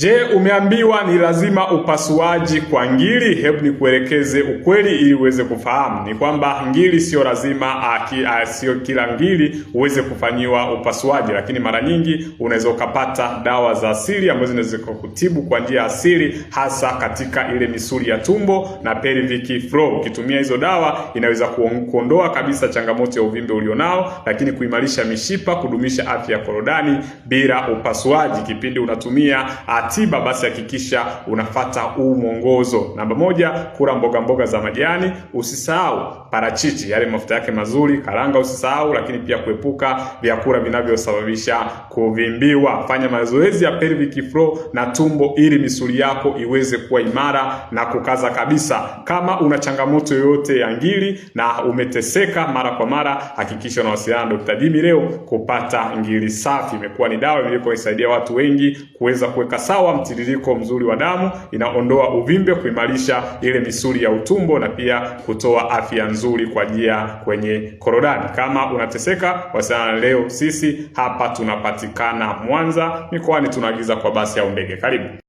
Je, umeambiwa ni lazima upasuaji kwa ngiri? Hebu nikuelekeze ukweli ili uweze kufahamu. Ni kwamba ngiri siyo lazima aki, ah, a, ah, siyo kila ngiri uweze kufanyiwa upasuaji, lakini mara nyingi unaweza ukapata dawa za asili ambazo zinaweza kukutibu kwa njia asili, hasa katika ile misuli ya tumbo na pelvic floor. Ukitumia hizo dawa inaweza kuondoa kabisa changamoto ya uvimbe ulionao, lakini kuimarisha mishipa, kudumisha afya ya korodani bila upasuaji kipindi unatumia ah, ratiba, basi hakikisha unafata huu mwongozo. Namba moja, kula mboga mboga za majani, usisahau parachichi, yale mafuta yake mazuri, karanga usisahau, lakini pia kuepuka vyakula vinavyosababisha kuvimbiwa. Fanya mazoezi ya pelvic floor na tumbo, ili misuli yako iweze kuwa imara na kukaza kabisa. Kama una changamoto yoyote ya ngiri na umeteseka mara kwa mara, hakikisha unawasiliana na Dr. Jimmy leo kupata ngiri safi. Imekuwa ni dawa iliyokuwa isaidia watu wengi kuweza kuweka sawa sawa mtiririko mzuri wa damu, inaondoa uvimbe, kuimarisha ile misuli ya utumbo na pia kutoa afya nzuri kwa njia kwenye korodani. Kama unateseka, wasiliana leo. Sisi hapa tunapatikana Mwanza, mikoani tunaagiza kwa basi au ndege. Karibu.